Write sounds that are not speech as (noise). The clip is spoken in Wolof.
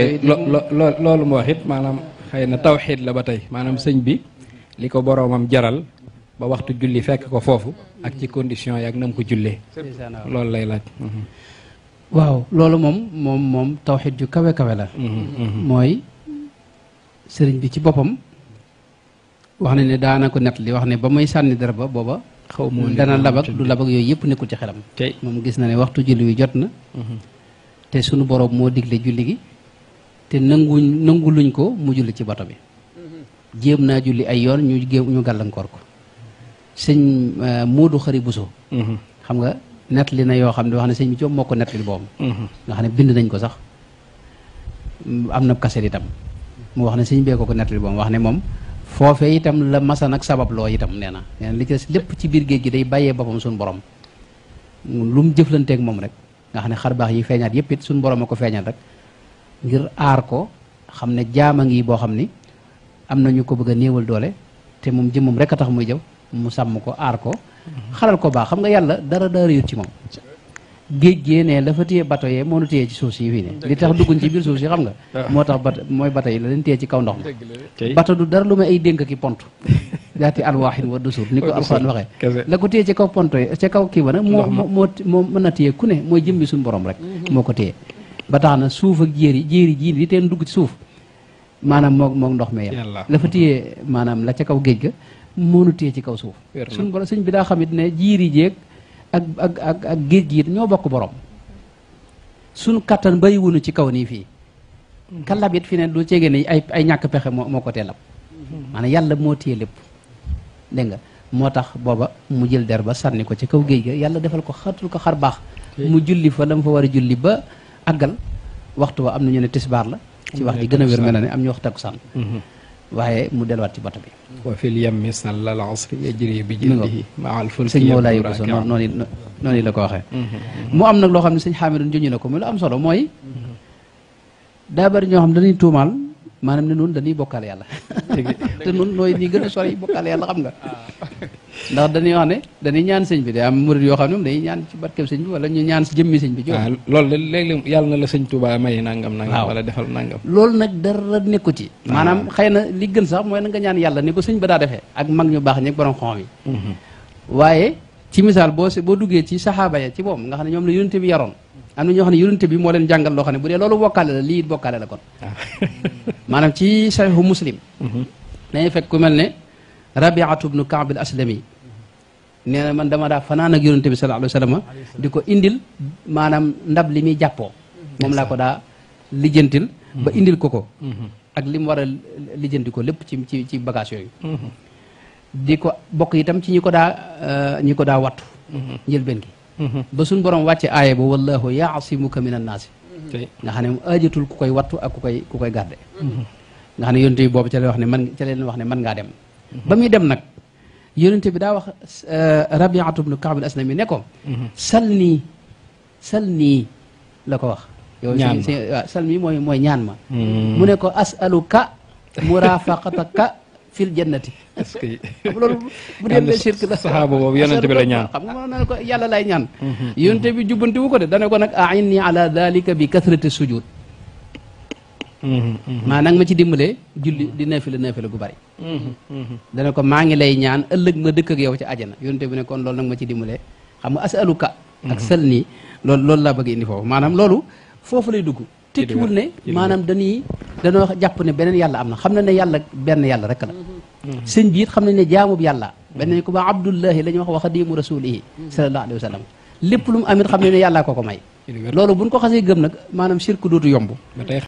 Eh, loo loolu mu wax maanaam xëy na tawxiid la ba tey maanaam sëñ bi li ko boroomam jaral ba waxtu julli fekk ko foofu ak ci condition yi ak nam ko jullee loolu lay laaj mhm. waaw loolu moom moom moom tawxiid ju kawe kawe la mhm, mhm. mooy sëriñ bi ci boppam wax na ne daana net li wax ne ba muy sànni dara ba booba xaw ma dana labak du labak yooyu yëpp nekkul ci xelam moom gis na ne waxtu julli wi jot na te sunu boroom moo digle julli gi te nanguñ nangu luñ ko mu julli ci bato bi jéem naa julli ay yoon ñu géew ñu gàllankoor ko sëñ euh, Moodu Xari so mm-hmm. xam nga nettali na yoo xam ne wax ne sëñ bi coom moo ko nettali boobu mm-hmm. ne bind nañ ko sax am na kaset itam mu wax ne sëñ bee ko ko nettali wax ne moom foofe tam la masa nag sabab loo tam nee na nee na ci lépp ci biir géej gi day bàyyee boppam suñu borom lu mu jëflanteeg moom rek nga xam ne xar baax yi feeñaat yëpp it suñu borom a ko feeñaat rek ngir aar ko xam ne jaama ngi boo xam ni am na ñu ko bëgg néewal doole te moom jëmmam rek a tax muy jëw mu sàmm ko aar ko xalal ko baax xam nga yàlla dara dara yut ci moom géej gee ne la fa téye bato yee moo nu téye ci suuf si fii ne li ci biir xam nga (laughs) ah. moo tax bat mooy bato la leen téye ci kaw ndox ma bato du dara lu may ay ki pont (laughs) daati alwaaxin wa dusuur ni ko alxuraan waxee la ko téye ci kaw pont yi kaw kii ba nag moo moo moo mën na téye ku ne mooy jëmmi suñu borom rek mm-hmm. moo ko téye ba tax na suuf ak jéeri jéeri ji li teen dugg ci suuf maanaam moog moog ndox mi yam la fa téye maanaam la ca kaw géej ga mënu téye ci kaw suuf suñ suñ bi daa xamit ne jiiri jéeg ak ak ak ak géej gi ñoo bokk borom suñ kattan bari wunu ci kaw nii fii mm-hmm. kalab it fi ne du ceegee ne ay ñàkk pexe moo moo ko teelab mm-hmm. maanaam yàlla moo téye lépp dégg nga moo tax booba mu jël der ba sànni ko ci kaw géej ga yàlla defal ko xatul ko xar baax mu julli fa la mu fa war a julli ba àggal waxtu wa am na ñu ne tisbaar la ci wax ji gën a wér mel na ne am ñu wax takkusaan mm-hmm. waaye mu delluwaat ci bato bi wa fil yammi sallal asri yajri bi jildihi ma al fulki sëñ Mawlaay Buso noonu noonu la ko waxee mm-hmm. mu am nag loo xam ne sëñ Xaamidu junj na ko mu lu am solo mooy mm-hmm. daa bari ñoo xam dañuy tuumaal maanaam ne noonu dañuy bokkaale yàlla (laughs) te noonu nooy ñi gën a sori bokkaale yàlla xam nga ah. ndax dañuy wax ne dañuy ñaan sëñ bi day am murid yoo xam ne moom dañuy ñaan ci barkeb sëñ bi wala ñu ñaan si jëmmi sëñ bi ci waaw ah, loolu de léeg-léeg yàlla na la sëñ Touba may nangam nangam wala defal nangam loolu nag dara nekku ci ah. maanaam xëy na li gën sax mooy na nga ñaan yàlla ni ko sëñ ba daa defee ak mag ñu baax ñeg borom xom yi mm-hmm. waaye ci misaal boo boo duggee ci saxaaba ya ci moom nga xam ne ñoom la yonente bi yaroon am na ñoo xam ne yonente bi moo leen jàngal loo xam ne bu dee loolu bokkaale la lii it bokkaale la kon ah. (laughs) maanaam ci saxiixu muslim mm-hmm. dañuy fekk ku mel ne rabiatu bnu kaab al aslami nee na man dama daa fanaan ak yonente bi sallallahu alayhi wasallam di ko indil maanaam ndab li muy jàppoo moom laa ko daa lijjantil ba indil ko ko ak li mu war a lijjanti ko lépp ci ci ci bagage yooyu di ko bokk itam ci ñi ko daa euh, wattu njëlbeen gi ba suñ borom wàcce aaya ba wallahu yaasimuka min annaasi nga xam ne mu aajatul ku koy wattu ak ku koy ku koy garde nga xam ne yonente bi boobu ca lay wax ne man ngaa dem ba muy dem nag yonente bi daa wax euh, rabiatu bnu kaab al aslami ne ko mhm. sal nii sal nii la ko wax yow waaw sal nii mooy mooy ñaan ma mhm. mu ne ko asaluka murafaqataka fil jannati est-ce que loolu bu dee shirk la saxaaba boobu yonente bi la ñaan xam nga na ko yàlla lay ñaan mhm. yonente bi jubbanti wu ko de dana ko nag ainni ala dalika bi kathrati sujud Mm-hmm. maa nag ma ci dimbalee julli di naafila naafila gu bari mm-hmm. dana ko maa ngi lay ñaan ëllëg ma dëkk ak yow ci àjjana yonte bi ne kon loolu nag ma ci dimbalee xam nga asaluka mm-hmm. ak sal nii loolu loolu laa bëgg indi foofu maanaam loolu foofu lay dugg tekkiwul ne maanaam dañuy dañoo jàpp ne beneen yàlla am na xam na ne yàlla benn yàlla rek la sëñ bi it xam nañ ne jaamub yàlla beneen ko ba abdullahi la ñuy wax wax xadimu rasulihi sallallahu alayhi wa sallam lépp lu mu amit xam ne ne yàllaa ko ko may loolu buñ ko xasee gëm nag maanaam sirku dootu yomb